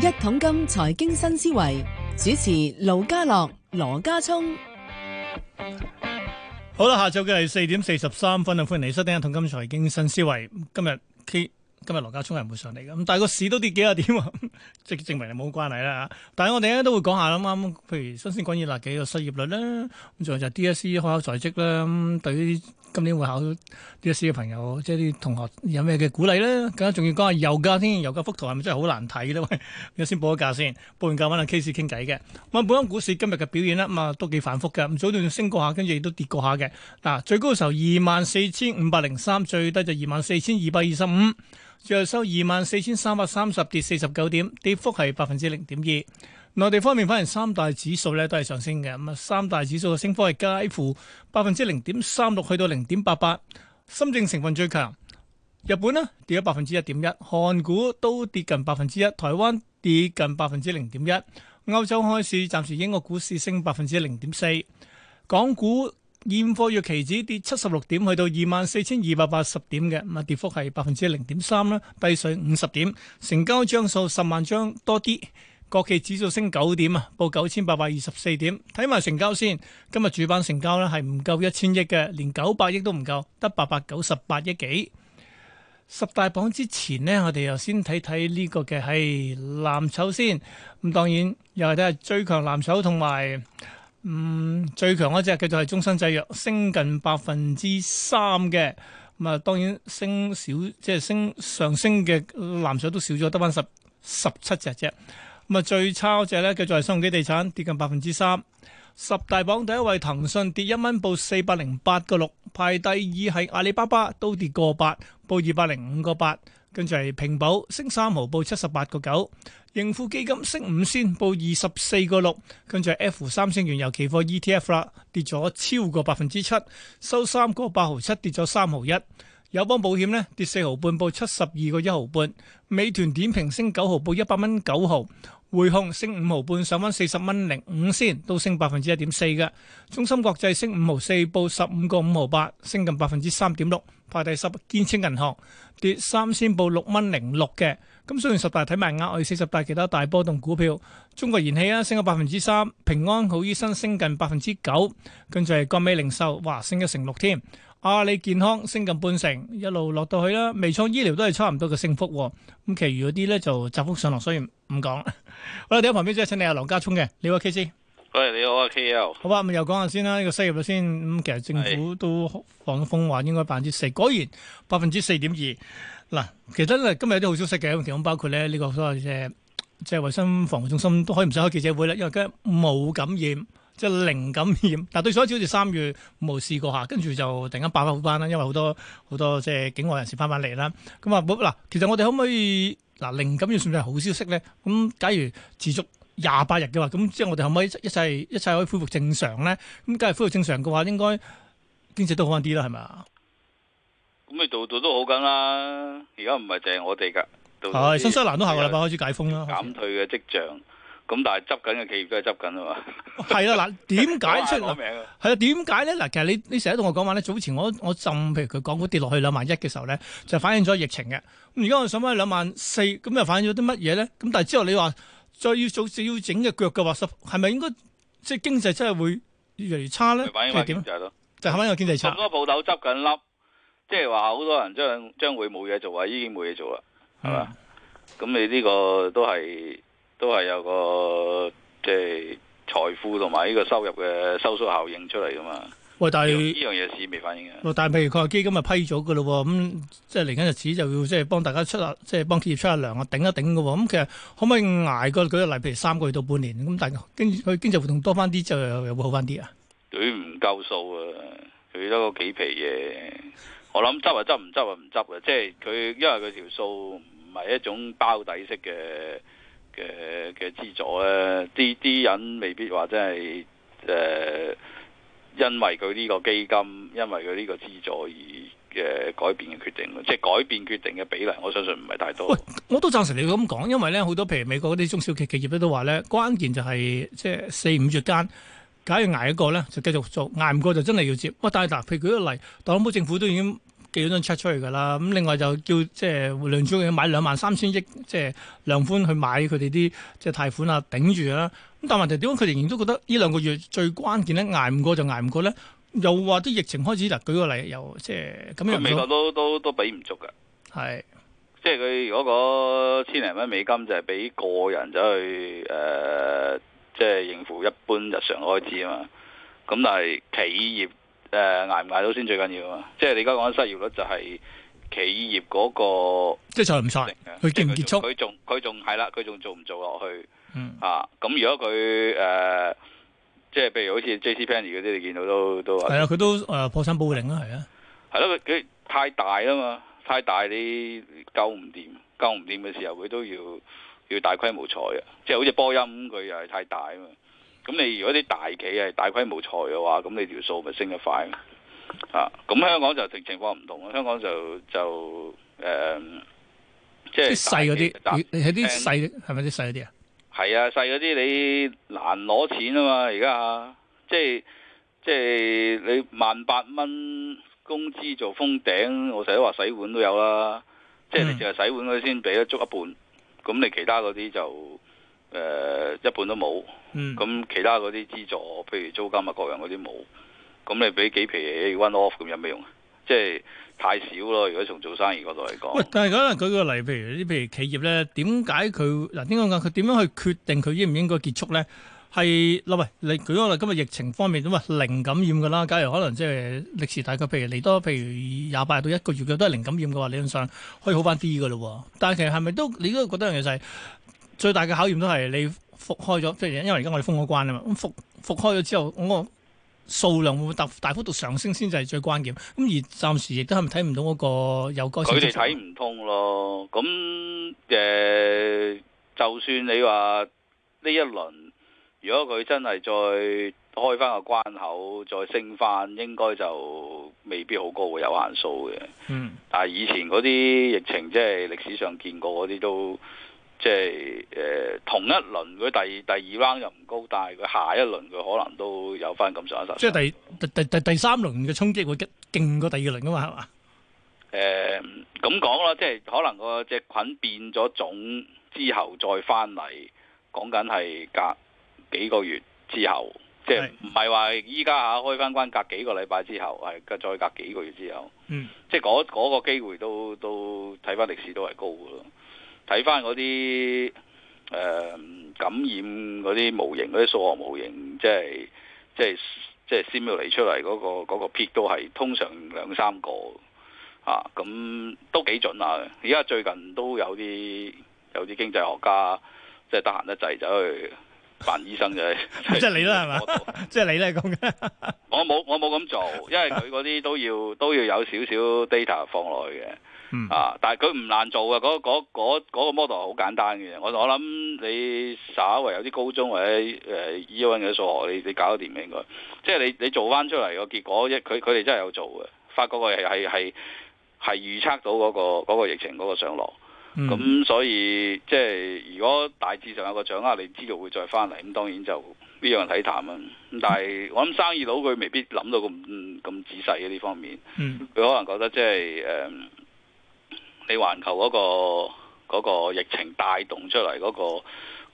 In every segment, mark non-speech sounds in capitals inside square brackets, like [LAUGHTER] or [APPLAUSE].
一桶金財經新思維主持盧家樂、羅家聰，好啦，下晝嘅係四點四十三分啊！歡迎嚟收聽一桶金財經新思維。今日，K，今日羅家聰係唔會上嚟嘅，咁但係個市都下跌幾啊點，即 [LAUGHS] 證明係冇關係啦。但係我哋咧都會講下啱啱，譬如新鮮滾熱辣幾個失業率啦，咁仲有就 DSE 開口在職啦，咁對。今年會考啲師嘅朋友，即係啲同學有咩嘅鼓勵咧？更加仲要講下油價添，油價幅圖係咪真係好難睇咧？喂，家先報個價先，報完價搵下 case 傾偈嘅。咁本港股市今日嘅表現咧，咁、嗯、啊都幾反覆嘅，早段升過下，跟住亦都跌過下嘅嗱。最高嘅時候二萬四千五百零三，最低就二萬四千二百二十五，最後收二萬四千三百三十，跌四十九點，跌幅係百分之零點二。內地方面，反而三大指數咧都係上升嘅。咁啊，三大指數嘅升幅係介乎百分之零點三六去到零點八八。深證成分最強。日本咧跌咗百分之一點一，韓股都跌近百分之一，台灣跌近百分之零點一。歐洲開市，暫時英國股市升百分之零點四。港股現貨月期指跌七十六點，去到二萬四千二百八十點嘅，咁啊，跌幅係百分之零點三啦，低水五十點，成交張數十萬張多啲。國企指數升九點啊，報九千八百二十四點。睇埋成交先，今日主板成交咧係唔夠一千億嘅，連九百億都唔夠，得八百九十八億幾。十大榜之前呢，我哋又先睇睇呢個嘅係、哎、藍籌先咁，當然又係睇下最強藍籌同埋嗯最強嗰隻繼續係中生製藥，升近百分之三嘅咁啊。當然升少即係升，上升嘅藍籌都少咗，得翻十十七隻啫。咁啊，最差嗰隻咧，繼續係新鴻基地產跌近百分之三。十大榜第一位騰訊跌一蚊，報四百零八個六。排第二係阿里巴巴都跌個八，報二百零五個八。跟住係平保升三毫，報七十八個九。盈富基金升五仙，報二十四個六。跟住係 F 三星原油期貨 ETF 啦，跌咗超過百分之七，收三個八毫七，跌咗三毫一。友邦保險呢，跌四毫半，報七十二個一毫半。美團點評升九毫，報一百蚊九毫。匯控升五毫半，上翻四十蚊零五先，都升百分之一點四嘅。中芯國際升五毫四，報十五個五毫八，升近百分之三點六，排第十清銀。建設銀行跌三先報，報六蚊零六嘅。咁雖然十大睇埋啱，我四十大其他大波動股票，中國燃氣啊升咗百分之三，平安好醫生升近百分之九，跟住係國美零售，哇，升一成六添。阿、啊、里健康升近半成，一路落到去啦。微創醫療都係差唔多嘅升幅，哦，咁其餘嗰啲咧就窄幅上落，所以唔講。 [LAUGHS] 好啦，我哋喺旁邊即係請你阿、啊、羅家聰嘅，你話 K 先。KC? 喂，你好啊，K L。好啊，咁又講下先啦。呢個失業先，咁、這個嗯、其實政府都放風話應該百分之四，果然百分之四點二。嗱、啊，其實咧今日有啲好消息嘅，其中包括咧呢、這個所謂嘅即係衛生防護中心都可以唔使開記者會啦，因為今日冇感染。即係零感染，但對上一次好似三月五號試過下，跟住就突然間爆翻好班啦，因為好多好多，多即係境外人士翻返嚟啦。咁啊，嗱，其實我哋可唔可以嗱零感染算唔算係好消息咧？咁假如持續廿八日嘅話，咁即係我哋可唔可以一切一切可以恢復正常咧？咁梗係恢復正常嘅話，應該經濟好一點都好返啲啦，係咪啊？咁咪度度都好緊啦，而家唔係淨係我哋噶。係新西蘭都下個禮拜開始解封啦，減退嘅跡象。咁但係執緊嘅企業都係執緊啊嘛 [LAUGHS] ，係啦嗱，點解出名？係啊，點解咧？嗱，其實你你成日同我講話咧，早前我我浸，譬如佢港股跌落去兩萬一嘅時候咧，就反映咗疫情嘅。咁而家我上翻兩萬四，咁又反映咗啲乜嘢咧？咁但係之後你話再要做再要整嘅腳嘅話，係咪應該即係經濟真係會越嚟越差咧？即係點？就係咯，就係反映個經濟差。好多鋪頭執緊笠，即係話好多人將將會冇嘢做啊，已經冇嘢做啦，係嘛？咁你呢個都係。都係有個即係財富同埋呢個收入嘅收縮效應出嚟噶嘛？喂，但係呢樣嘢事未反映嘅，但係譬如佢話基金咪批咗噶咯？咁、嗯、即係嚟緊日子就要即係幫大家出下，即係幫企業出下糧啊，頂一頂噶。咁、嗯、其實可唔可以挨個舉個例，譬如三個月到半年，咁但係經佢經濟活動多翻啲，就又會好翻啲啊？佢唔夠數啊，佢得個幾皮嘢。我諗執啊執唔執啊唔執啊！即係佢因為佢條數唔係一種包底式嘅。嘅嘅資助咧，啲啲人未必話真係誒、呃，因為佢呢個基金，因為佢呢個資助而嘅、呃、改變嘅決定，即係改變決定嘅比例，我相信唔係太多。喂，我都贊成你咁講，因為咧好多譬如美國嗰啲中小企企業咧都話咧，關鍵就係、是、即係四五月間，假如捱一個咧就繼續做，捱唔過就真係要接。喂，但係嗱，譬如舉個例，特朗普政府都已經。幾張 check 出出去噶啦，咁另外就叫即係聯儲買兩萬三千億即係量寬去買佢哋啲即係貸款啊，頂住啦。咁但係問題，點解佢仍然都覺得呢兩個月最關鍵咧，捱唔過就捱唔過咧？又話啲疫情開始，嗱舉個例又即係咁樣。佢美國都都都俾唔足噶，係即係佢如果嗰千零蚊美金就係俾個人走去誒，即、呃、係、即係、應付一般日常開支啊嘛。咁但係企業。誒、呃，挨唔挨到先最緊要啊！即係你而家講緊失業率就係企業嗰、那個，即係就係唔零。佢結唔結束，佢仲佢仲係啦，佢仲做唔做落去？嗯啊，咁如果佢誒、呃，即係譬如好似 J C Penney 嗰啲，你見到都都話係啊，佢都誒、呃、破產保護令啊，係啊，係咯，佢太大啊嘛，太大你救唔掂，救唔掂嘅時候佢都要要大規模裁啊，即係好似波音佢又係太大啊嘛。咁你如果啲大企係大規模裁嘅話，咁你條數咪升得快？啊！咁香港就情情況唔同咯，香港就就誒，即係細嗰啲，你喺啲細係咪啲細嗰啲啊？係啊，細嗰啲你難攞錢啊嘛！而家啊，即係即係你萬八蚊工資做封頂，我成日都話洗碗都有啦。即係你淨係洗碗嗰啲先俾得足一半，咁你其他嗰啲就。誒、呃、一半都冇，咁、嗯、其他嗰啲資助，譬如租金啊各樣嗰啲冇，咁你俾幾皮 one off 咁有咩用啊？即係太少咯。如果從做生意角度嚟講，喂，但係可能舉個例，譬如啲譬如企業咧，點解佢嗱點講，佢點樣去決定佢應唔應該結束咧？係嗱喂，你舉個例，今日疫情方面咁啊零感染噶啦，假如可能即係歷時大概譬如嚟多譬如廿八日到一個月嘅都係零感染嘅話，理論上可以好翻啲噶咯。但係其實係咪都你都覺得樣嘢就係？最大嘅考驗都係你復開咗，即係因為而家我哋封咗關啊嘛。咁復復開咗之後，我個數量會唔會大大幅度上升先至係最關鍵。咁而暫時亦都係咪睇唔到嗰個有改善。佢哋睇唔通咯。咁誒、呃，就算你話呢一輪，如果佢真係再開翻個關口，再升翻，應該就未必好高嘅有限數嘅。嗯。但係以前嗰啲疫情，即係歷史上見過嗰啲都。即係誒、呃，同一輪佢第第二 round 又唔高，但係佢下一輪佢可能都有翻咁上下，即係第第第第，第三輪嘅衝擊會勁勁過第二輪啊嘛？係嘛？誒、呃，咁講啦，即係可能個隻菌變咗種之後再翻嚟，講緊係隔幾個月之後，okay。即係唔係話依家開開翻關隔幾個禮拜之後，係再隔幾個月之後，嗯、即係嗰、那個、那個機會都都睇翻歷史都係高噶咯。睇翻嗰啲誒感染嗰啲模型，嗰啲數學模型，即係即係即係 simulate 出嚟嗰、嗰個嗰、嗰個 peak 都係通常兩三個啊，咁都幾準啊！而家最近都有啲有啲經濟學家即係得閒得滯走去扮醫生嘅，即 [LAUGHS] 係你啦係嘛？即 [LAUGHS] 係、就是、你咧咁 [LAUGHS] 我冇我冇咁做，因為佢嗰啲都要都要有少少 data 放落去嘅。嗯、啊！但係佢唔難做嘅，嗰、嗰個 model 好簡單嘅。我我諗你稍為有啲高中或者誒，year one 嘅數學你，你你搞得掂嘅應該。即係你你做翻出嚟個結果，一佢佢哋真係有做嘅。發覺佢係係係預測到嗰、嗰個、嗰個疫情嗰個上落。咁、嗯、所以即係如果大致上有個掌握，你知道會再翻嚟。咁當然就呢樣睇淡啊。但係我諗生意佬佢未必諗到咁咁仔細嘅呢方面。佢、嗯、可能覺得即係誒。嗯你環球嗰、那個那個疫情帶動出嚟嗰、那個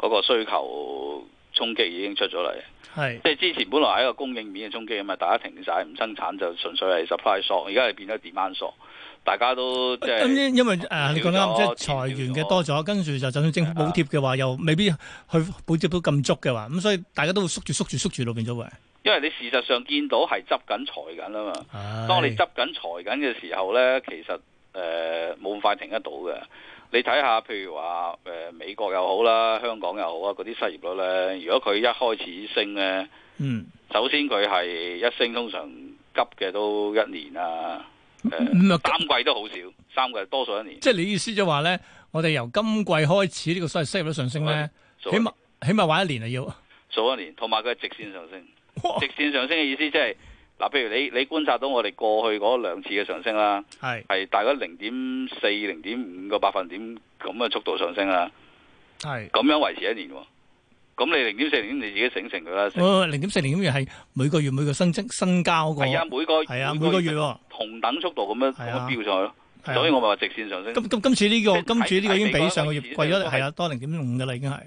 那個需求衝擊已經出咗嚟，係即係之前本來係一個供應面嘅衝擊啊嘛，大家停晒唔生產就純粹係 supply shock，而家係變咗 demand shock, 大家都、嗯、即係因為誒、啊，你講啱，即、就、係、是、裁員嘅多咗，跟住就就算政府補貼嘅話，又未必去補貼到咁足嘅話，咁所以大家都會縮住縮住縮住落邊咗喎。因為你事實上見到係執緊裁緊啊嘛，當你執緊裁緊嘅時候咧，其實。誒冇咁快停得到嘅，你睇下譬如話誒、呃、美國又好啦，香港又好啊，嗰啲失業率咧，如果佢一開始升咧，嗯，首先佢係一升通常急嘅都一年啊，誒、呃，咁、嗯、啊三季都好少，三季多數一年。即係你意思就話咧，我哋由今季開始呢個失失業率上升咧，起碼起碼玩一年啊要，數一年，同埋佢係直線上升，直線上升嘅意思即、就、係、是。嗱，譬如你你觀察到我哋過去嗰兩次嘅上升啦，係係大概零點四、零點五個百分點咁嘅速度上升啦，係咁樣維持一年，咁你零點四零你自己醒醒佢啦，零點四零咁月係每個月每個新增新交、那個，係啊每個係啊每個月同等速度咁樣飆、啊、上去，所以我咪話直線上升。咁今、啊啊、今次呢、這個今次呢個已經比上個月貴咗，係啊多零點五㗎啦已經係。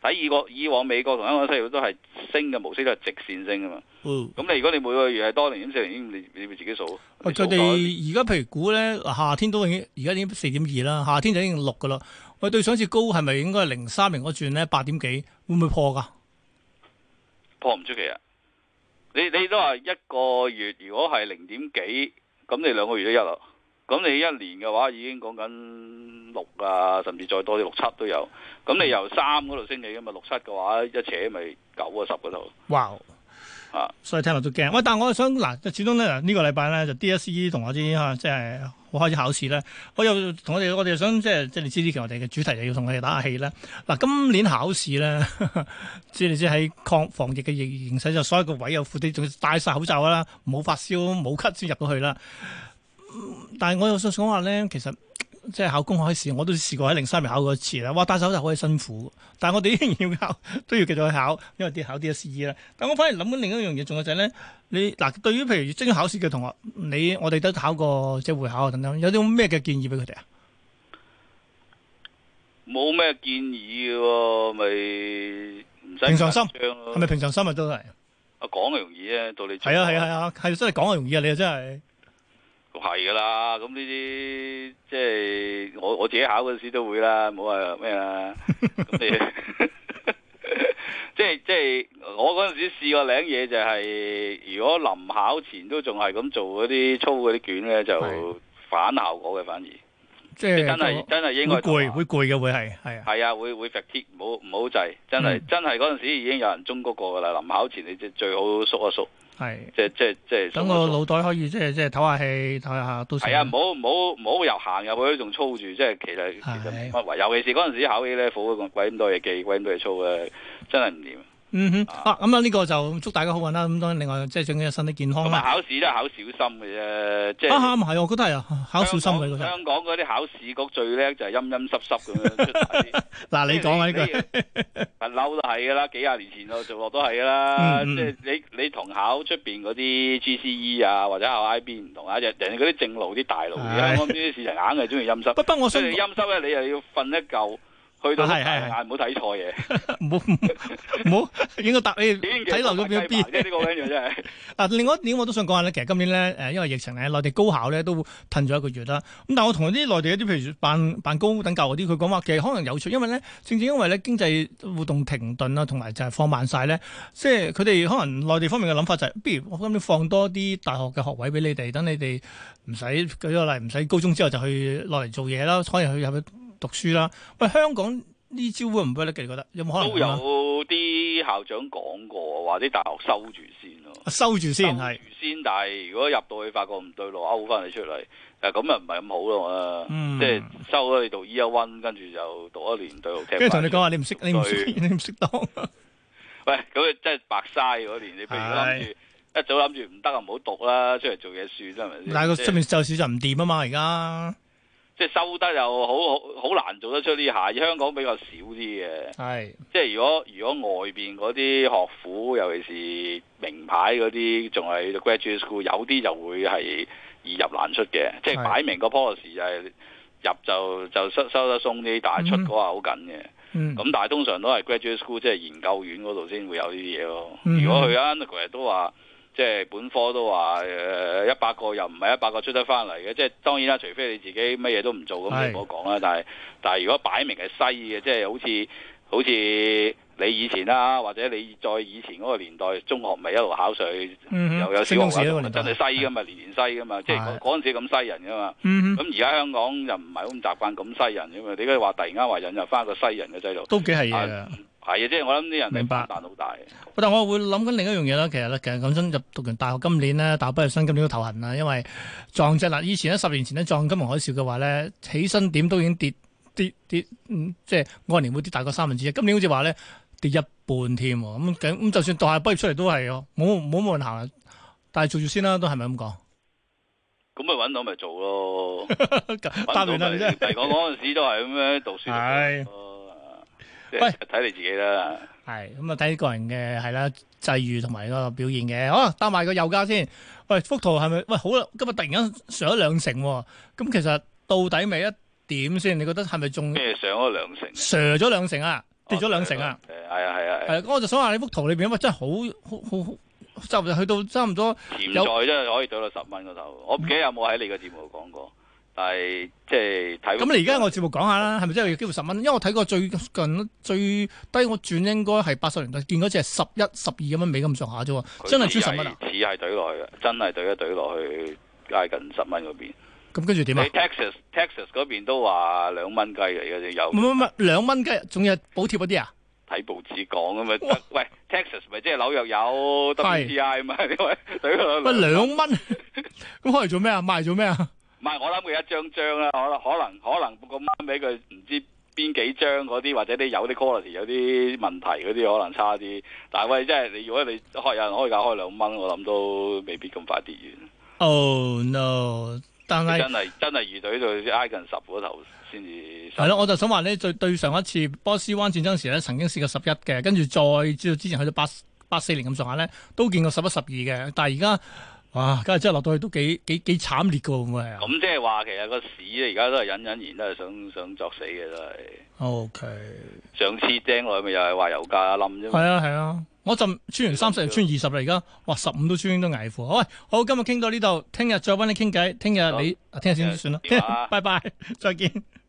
喺以個以往美國同香港市都係升嘅模式，都係直線升噶嘛。咁、嗯、你如果你每個月係多零點四零，你你咪自己數。佢哋而家譬如估咧，夏天都已經而家已經四點二啦，夏天就已經六噶啦。我對上一次高係咪應該係零三零嗰轉咧八點幾？會唔會破噶？破唔出奇啊！你你都話一個月如果係零點幾，咁你兩個月都一路。咁你一年嘅話已經講緊六啊，甚至再多啲六七都有。咁你由三嗰度升起啊嘛，六七嘅話一扯咪九啊十嗰度。哇、wow！啊，所以聽落都驚。喂，但係我想嗱，始終呢、這個禮拜咧就是 DSE 同我啲即係開始考試咧。我又同我哋，我哋想即係即係你知唔知？其實我哋嘅主題就要同你打下氣啦。嗱，今年考試咧，知唔知喺抗防疫嘅形勢就所有個位又副啲，仲戴晒口罩啦，冇發燒冇咳先入到去啦。嗯、但係我又想講話咧，其實即係考公開試，我都試過喺零三年考過一次啦。哇，帶手就好辛苦，但係我哋依然要考，都要繼續去考，因為啲考 DSE 啦。但我反而諗緊另一樣嘢，仲有就係、是、咧，你嗱，對於譬如即將考試嘅同學，你我哋都考過即係會考啊等等，有啲咩嘅建議俾佢哋啊？冇咩建議嘅，咪平常心，係咪平常心啊？都係啊，講就容易啊，到你係啊係係啊，係、啊啊啊、真係講就容易啊，你啊真係。係噶啦，咁呢啲即係我我自己考嗰時都會啦，冇話咩啊，即係即係我嗰陣時試過領嘢就係，如果臨考前都仲係咁做嗰啲操嗰啲卷咧，就反效果嘅，反而，即係真係真係應該攰，會攰嘅會係係，係啊會會 fit 啲唔好唔好滯，真係真係嗰陣時已經有人中嗰個噶啦，臨考前你即係最好縮一縮。係，即係即係即係等個腦袋可以即係即係唞下氣，唞下都成。係啊，唔好唔好唔好又行入去，仲操住，即係，其實其實尤其是嗰陣時考起咧，好鬼咁鬼咁多嘢記，鬼咁多嘢操啊，真係唔掂。嗯哼，啊，咁啊呢個就祝大家好運啦。咁當然，另外即係最緊要身體健康咁啦。考試都係考小心嘅啫，即、就、係、是、啊，唔、啊、係，我覺得係考小心嘅。香港嗰啲考試局最叻就係陰陰濕濕咁樣出題。嗱、啊就是，你講啊呢個不嬲 [LAUGHS] 都係噶啦，幾廿年前我做落都係啦。即、嗯、係、就是、你你同考出邊嗰啲 GCE 啊，或者考 IB 唔同啊，人哋嗰啲正路啲大路嘅，我諗啲事情硬係中意陰濕。不過我需要陰濕咧，你又要瞓一覺。去到係係係，唔好睇錯嘢，唔好唔好應該答你。睇漏咗邊邊，即係呢個 gentleman 真係。嗱，另外一點我都想講下咧，其實今年咧，誒，因為疫情咧，內地高考咧都褪咗一個月啦。咁但係我同啲內地一啲，譬如辦辦高等教育啲，佢講話其實可能有趣，因為咧，正正因為咧經濟互動停頓啦，同埋就係放慢晒咧，即係佢哋可能內地方面嘅諗法就係、是，不如我今年放多啲大學嘅學位俾你哋，等你哋唔使舉個例，唔使高中之後就去落嚟做嘢啦，可以去入。讀書啦，喂，香港呢招會唔會得嘅？你覺得有冇可能都有啲校長講過，話啲大學收住先咯，收住先係，先。先但係如果入到去發覺唔對路，勾翻你出嚟，誒咁又唔係咁好咯、嗯，即係收咗你讀 year one 跟住就讀一年大學。對跟住同你講話，你唔識，你唔你唔識當。 [LAUGHS] 喂，咁你真係白嘥嗰年。你譬如諗住一早諗住唔得啊，唔好讀啦，出嚟做嘢算啦，係咪？但係個出面就少就唔掂啊嘛，而家。即係收得又好好好難做得出呢下，香港比較少啲嘅。係，即係如果如果外邊嗰啲學府，尤其是名牌嗰啲，仲係 graduate school，有啲就會係易入難出嘅。即係擺明個 policy 就係入就就收收得鬆啲，但係出嗰下好緊嘅。咁、mm-hmm. 但係通常都係 graduate school，即係研究院嗰度先會有呢啲嘢咯。Mm-hmm. 如果佢啊，佢哋都話。即係本科都話誒一百個又唔係一百個出得翻嚟嘅，即係當然啦。除非你自己乜嘢都唔做咁，你冇講啦。但係但係如果擺明係西嘅，即係好似好似你以前啦、啊，或者你再以前嗰個年代中學咪一路考水，嗯、又有小學真係西㗎嘛，年年西㗎嘛，即係嗰嗰陣時咁西人㗎嘛。咁而家香港又唔係好咁習慣咁西人嘅嘛？你而家話突然間話引入翻個西人嘅制度，都幾係嘢啊！係啊，即係我諗啲人明白，好大。但係我會諗緊另一樣嘢啦。其實咧，其實咁樣入讀完大學，今年咧，大學畢業生今年都頭痕啦。因為撞正啦，以前咧，十年前咧，撞金融海嘯嘅話咧，起身點都已經跌跌跌，跌嗯、即係按年會跌大過三分之一。今年好似話咧跌一半添。咁、嗯、咁就算大學畢業出嚟都係哦，冇冇冇咁行，但係做住先啦，都係咪咁講？咁咪搵到咪做咯？搵 [LAUGHS] 到係就 [LAUGHS] 我嗰陣時都係咁樣讀書樣。哎喂，睇你自己啦。係，咁啊睇個人嘅、係啦際遇同埋個表現嘅。好，搭埋個油價先。喂，幅圖係咪？喂，好啦，今日突然間上咗兩成，咁其實到底咪一點先？你覺得係咪中？咩？上咗兩成？上咗兩成了啊！跌咗兩成了啊！誒，係啊，係啊。係，咁我就想話你幅圖裏邊，喂，真係好好好，就去到差唔多潛在真係可以懟到十蚊嗰頭。我唔記得有冇喺你嘅節目講過。係即係咁，你而家我節目講下啦，係咪真係要幾乎十蚊？因為我睇過最近最低，我轉應該係八十年代見嗰隻十一、十二咁蚊美金咁上下啫，真係輸十蚊啊！似係懟落去，真係懟一懟落去挨近十蚊嗰邊。咁跟住點啊？Texas Texas 嗰邊都話兩蚊雞嚟嘅，有唔唔兩蚊雞仲有補貼嗰啲啊？睇報紙講咁嘛，喂，Texas 咪即係紐約有都係。喂，兩蚊咁開嚟做咩啊？賣做咩啊？唔係，我諗會一張一張啦，可能可能可能個蚊俾佢唔知邊幾張嗰啲，或者啲有啲 quality 有啲問題嗰啲，可能差啲。但係，即係你如果你開有人開價開兩蚊，我諗都未必咁快跌完。Oh no！但係真係真係到隊就挨近十嗰頭先至。係咯，我就想話你最對，對上一次波斯灣戰爭時呢曾經試過十一嘅，跟住再至之前去到八八四年咁上下呢，都見過十一十二嘅，但係而家。哇！家下真係落到去都幾幾幾慘烈噶，會唔會啊？咁即係話，其實個市咧而家都係隱隱然都，都係想想作死嘅都係。OK，上次掟落去咪又係話油價冧啫。係啊係啊，我浸穿完三十又穿二十啦，而家哇十五都穿都危乎。好，好，今日傾到呢度，聽日再幫你傾偈。聽日你聽日先算啦，拜拜，再見。 [LAUGHS]